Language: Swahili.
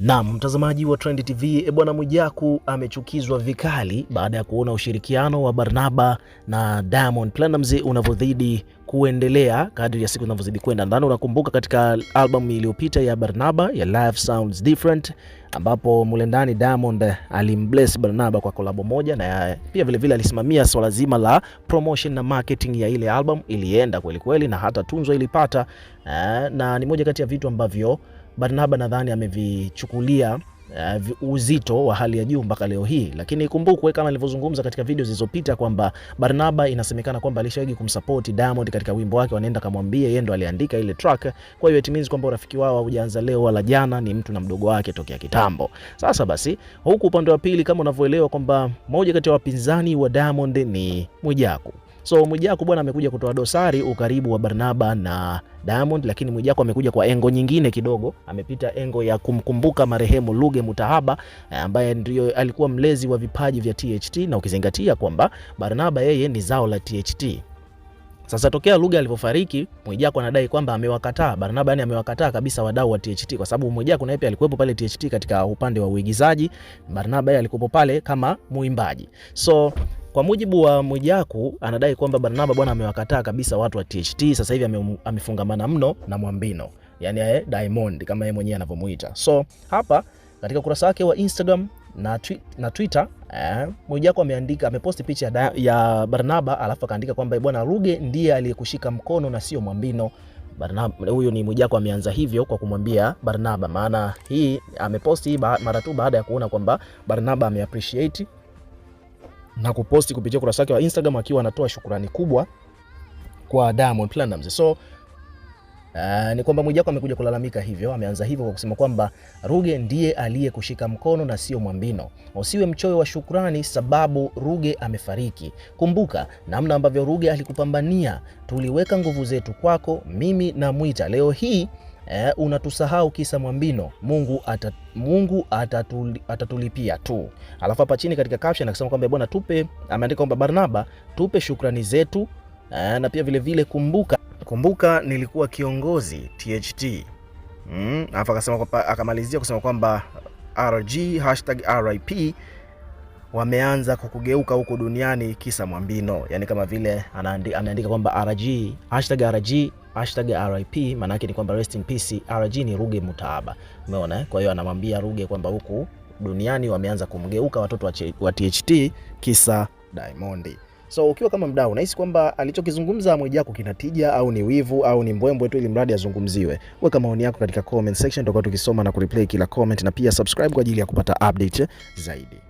Naam, mtazamaji wa Trend TV, e bwana Mwijaku amechukizwa vikali baada ya kuona ushirikiano wa Barnaba na Diamond Platnumz unavyozidi kuendelea kadri ya siku zinavyozidi kwenda. Nadhani unakumbuka katika albamu iliyopita ya Barnaba ya Life Sounds Different, ambapo mule ndani Diamond alimbless Barnaba kwa kolabo moja, na pia vilevile alisimamia swala zima la promotion na marketing ya ile album. Ilienda kwelikweli na hata tunzo ilipata, eh, na ni moja kati ya vitu ambavyo Barnaba nadhani amevichukulia Uh, uzito wa hali ya juu mpaka leo hii, lakini ikumbukwe kama nilivyozungumza katika video zilizopita kwamba Barnaba inasemekana kwamba alishawahi kumsupport Diamond katika wimbo wake wanaenda kumwambia yeye ndo aliandika ile track. Kwa hiyo it means kwamba urafiki wao haujaanza leo wala jana, ni mtu na mdogo wake tokea kitambo. Sasa basi, huku upande wa pili, kama unavyoelewa kwamba moja kati ya wapinzani wa Diamond ni Mwijaku. So Mwijako bwana amekuja kutoa dosari ukaribu wa Barnaba na Diamond, lakini Mwijako amekuja kwa engo nyingine kidogo, amepita engo ya kumkumbuka marehemu Luge Mutahaba eh, ambaye ndio alikuwa mlezi wa vipaji vya THT, na ukizingatia kwamba Barnaba yeye ni zao la THT. Sasa tokea Luge alivyofariki Mwijaku anadai kwamba amewakataa Barnaba, yani amewakataa kabisa wadau wa THT, kwa sababu Mwijaku naye pia alikuwepo pale THT katika upande wa uigizaji. Barnaba yeye alikuwepo pale kama muimbaji so kwa mujibu wa Mwijaku anadai kwamba Barnaba bwana amewakataa kabisa watu wa THT, sasa hivi amefungamana mno na Mwambino, yani aye Diamond kama yeye mwenyewe anavyomuita. So hapa katika ukurasa wake wa Instagram na, twi na Twitter eh, Mwijaku ameandika ameposti picha ya, ya Barnaba alafu akaandika kwamba eh, bwana Ruge ndiye aliyekushika mkono na sio Mwambino. Barnaba huyu ni Mwijaku ameanza hivyo kwa kumwambia Barnaba, maana hii ameposti hii mara tu baada ya kuona kwamba Barnaba ameappreciate na kuposti kupitia ukurasa wake wa Instagram akiwa anatoa shukurani kubwa kwa Diamond Platnumz. So Uh, ni kwamba Mwijaku amekuja kulalamika hivyo, ameanza hivyo kwa kusema kwamba Ruge ndiye aliyekushika mkono na sio Mwambino. Usiwe mchoyo wa shukrani sababu Ruge amefariki. Kumbuka namna ambavyo Ruge alikupambania, tuliweka nguvu zetu kwako, mimi na Mwita leo hii eh, unatusahau kisa Mwambino. Mungu, atat, Mungu atatul, atatulipia tu. Alafu hapa chini katika caption akasema kwamba bwana, tupe ameandika kwamba Barnaba, tupe shukrani zetu eh, na pia vile vile kumbuka, kumbuka nilikuwa kiongozi THT mm, alafu akasema akamalizia kusema kwamba RG hashtag RIP wameanza kwa kugeuka huko duniani kisa Mwambino, yani kama vile ameandika kwamba RG hashtag RG hashtag RIP, maana yake ni kwamba rest in peace. RG ni Ruge Mutahaba, umeona. Eh? Kwa hiyo anamwambia Ruge kwamba huku duniani wameanza kumgeuka watoto wa THT kisa Diamond. So ukiwa kama mdau, unahisi kwamba alichokizungumza Mwijaku tija au ni wivu au ni mbwembwe tu ili mradi azungumziwe? Weka maoni yako katika comment section, tutakuwa tukisoma na kureplay kila comment, na pia subscribe kwa ajili ya kupata update zaidi.